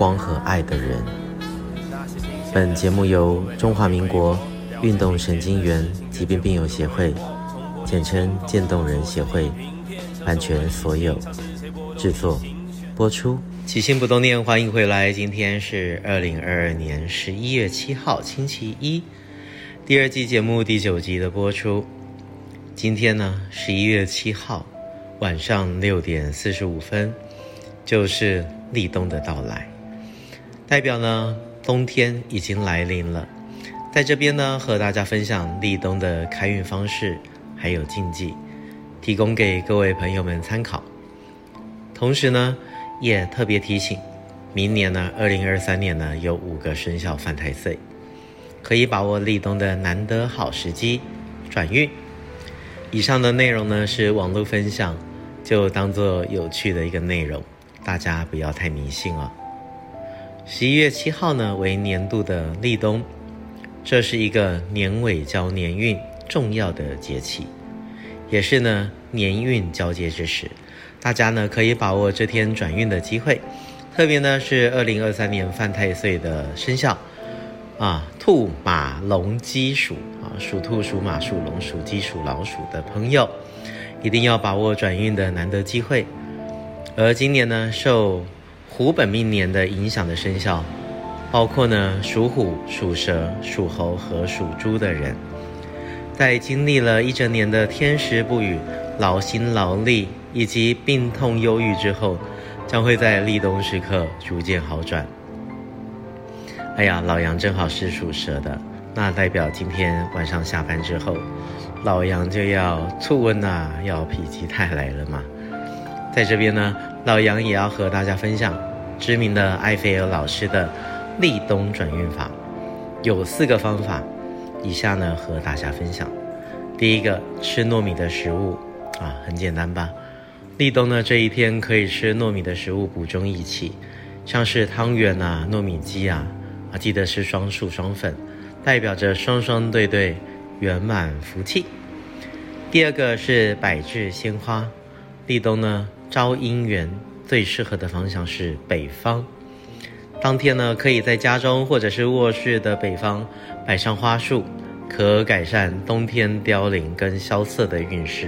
光和愛的人。本節目由中華民國運動神經元疾病病友協會（簡稱漸凍人協會）版權所有，制作、播出。起心不凍念，歡迎回來。今天是二零二二年十一月七號，星期一，第二季節目第九集的播出。今天呢，十一月七號晚上六點四十五分，就是立冬的到來。代表呢，冬天已經來臨了，在這邊呢，和大家分享立冬的開運方式，還有禁忌，提供給各位朋友們參考。同時呢，也特別提醒，明年呢，二零二三年呢，有五個生肖犯太歲，可以把握立冬的難得好時機，轉運。以上的內容呢，是網絡分享，就當做有趣的一個內容，大家不要太迷信了啊。十一月七號呢，為年度的立冬，這是一個年尾交年運重要的節氣，也是呢年運交接之時，大家呢可以把握這天轉運的機會，特別呢是二零二三年犯太歲的生肖，啊兔、馬、龍、雞、鼠，啊屬兔、屬馬、屬龍、屬雞、屬老鼠的朋友，一定要把握轉運的難得機會，而今年呢受。虎本命年的影響的生肖，包括呢屬虎、屬蛇、屬猴和屬豬的人，在經歷了一整年的天時不與、勞心勞力以及病痛憂鬱之後，將會在立冬時刻逐漸好轉。哎呀，老羊正好是屬蛇的，那代表今天晚上下班之後，老羊就要出運吶、啊，要否極泰來了嘛。在這邊呢，老羊也要和大家分享，知名的艾菲爾老師的立冬轉運法，有四個方法，以下呢和大家分享。第一個，吃糯米的食物啊，很簡單吧？立冬呢這一天可以吃糯米的食物，補中益氣，像是湯圓啊、糯米雞啊，啊記得是雙數雙份，代表着雙雙對對，圓滿福氣。第二個是擺置鮮花，立冬呢。招姻緣最適合的方向是北方。當天呢，可以在家中或者是臥室的北方擺上花束，可改善冬天凋零，跟蕭瑟的運勢，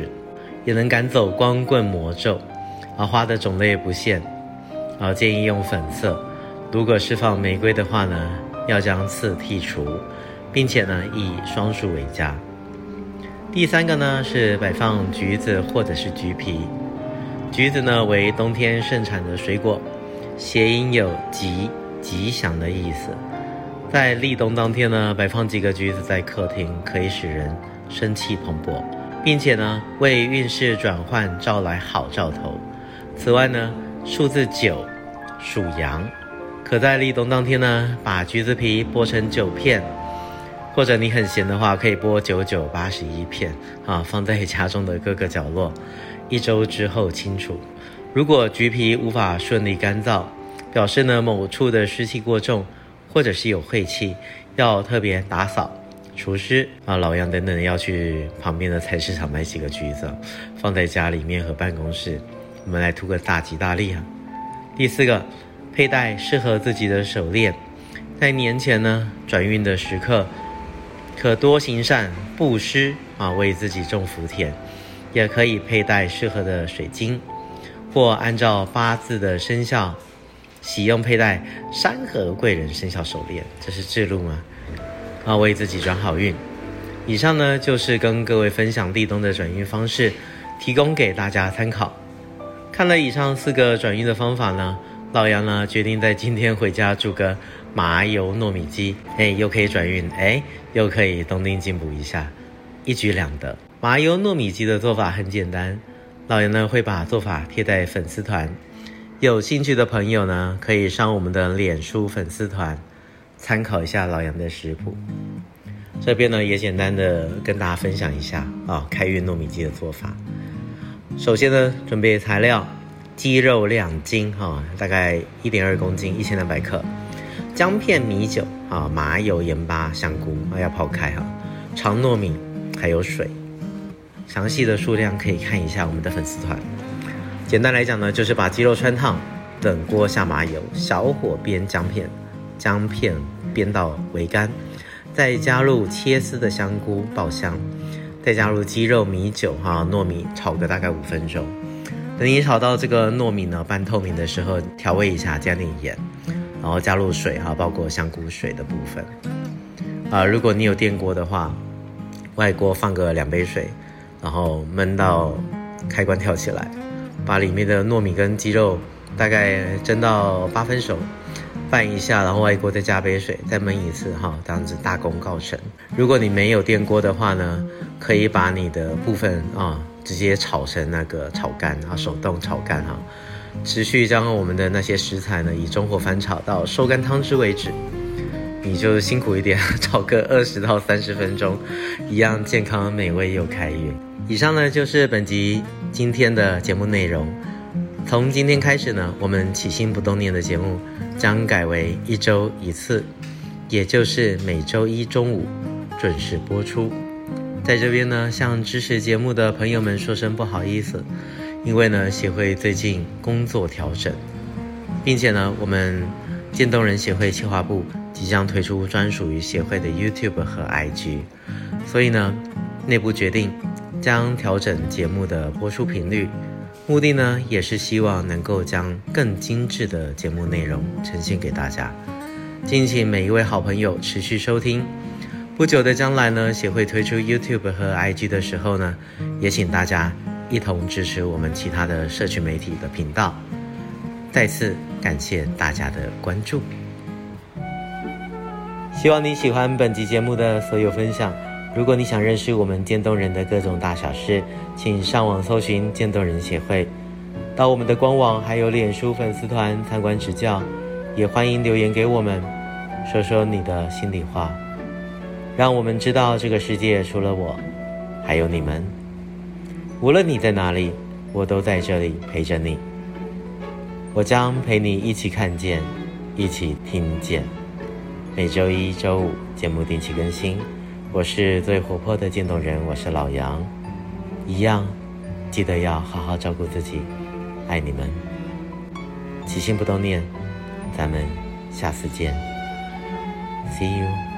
也能趕走光棍魔咒。而花的種類不限，啊，建議用粉色。如果是放玫瑰的話呢，要將刺剔除，並且呢以雙數為佳。第三個呢是擺放橘子或者是橘皮。橘子呢為冬天盛產的水果，諧音有吉吉祥的意思。在立冬當天呢，擺放幾個橘子在客廳，可以使人生氣蓬勃，並且呢為運勢轉換招來好兆頭。此外呢，數字九屬陽，可在立冬當天呢把橘子皮剝成九片。或者你很閒的話，可以剝九九八十一片啊，放在家中的各個角落，一周之後清除。如果橘皮無法順利乾燥，表示呢某處的濕氣過重，或者是有穢氣，要特別打掃除濕啊。老羊等等要去旁邊的菜市場買幾個橘子，放在家裡面和辦公室，我們來圖個大吉大利啊。第四個，佩戴適合自己的手鏈，在年前呢轉運的時刻可多行善布施啊，為自己種福田，也可以佩戴適合的水晶，或按照八字的生肖，喜用佩戴三合貴人生肖手鏈。這是智路嗎？啊，為自己轉好運。以上呢就是跟各位分享立冬的轉運方式，提供給大家參考。看了以上四個轉運的方法呢，老羊呢決定在今天回家煮個。麻油糯米雞，哎，又可以轉運，誒，又可以東丁進補一下，一舉兩得。麻油糯米雞的做法很簡單，老羊呢會把做法貼在粉絲團，有興趣的朋友呢可以上我們的臉書粉絲團參考一下老羊的食譜。這邊呢也簡單的跟大家分享一下啊、哦，開運糯米雞的做法。首先呢準備材料，雞肉兩斤哈、哦，大概一點二公斤，一千兩百克。薑片、米酒、啊，麻油、鹽巴、香菇，啊要泡開哈、啊，長糯米，還有水。詳細的數量可以看一下我們的粉絲團。簡單來講呢，就是把雞肉汆燙，冷鍋下麻油，小火煸薑片，薑片煸到微乾，再加入切絲的香菇爆香，再加入雞肉、米酒、哈、啊、糯米炒個大概五分鐘。等你炒到這個糯米呢半透明的時候，調味一下，加點鹽。然後加入水哈，包括香菇水的部分。啊，如果你有電鍋的話，外鍋放個兩杯水，然後燜到開關跳起來，把裡面的糯米跟雞肉大概蒸到八分熟，拌一下，然後外鍋再加杯水，再燜一次哈、啊，這樣子大功告成。如果你沒有電鍋的話呢，可以把你的部分啊直接炒成那個炒乾啊，手動炒乾哈。啊持續將我們的那些食材呢，以中火翻炒到收乾湯汁為止，你就辛苦一點，炒個二十到三十分鐘，一樣健康、美味又開運。以上呢就是本集今天的節目內容。從今天開始呢，我們起心不凍念的節目將改為一周一次，也就是每周一中午準時播出。在這邊呢，向支持節目的朋友們說聲不好意思。因為呢，協會最近工作調整，並且呢，我們漸凍人協會企劃部即將推出專屬於協會的 YouTube 和 IG，所以呢，內部決定將調整節目的播出頻率，目的呢也是希望能夠將更精致的節目內容呈現給大家，敬請每一位好朋友持續收聽。不久的將來呢，協會推出 YouTube 和 IG 的時候呢，也請大家。一同支持我們其他的社群媒體的頻道，再次感謝大家的關注。希望你喜歡本集節目的所有分享。如果你想認識我們漸凍人的各種大小事，請上網搜尋漸凍人協會，到我們的官網還有臉書粉絲團參觀指教。也歡迎留言給我們，說說你的心裡話，讓我們知道這個世界除了我，還有你們。無論你在哪裡，我都在這裡陪着你。我將陪你一起看見，一起聽見。每周一、周五節目定期更新。我是最活潑的漸凍人，我是老羊。一樣，記得要好好照顧自己。愛你們。起心不凍念，咱們下次見。See you.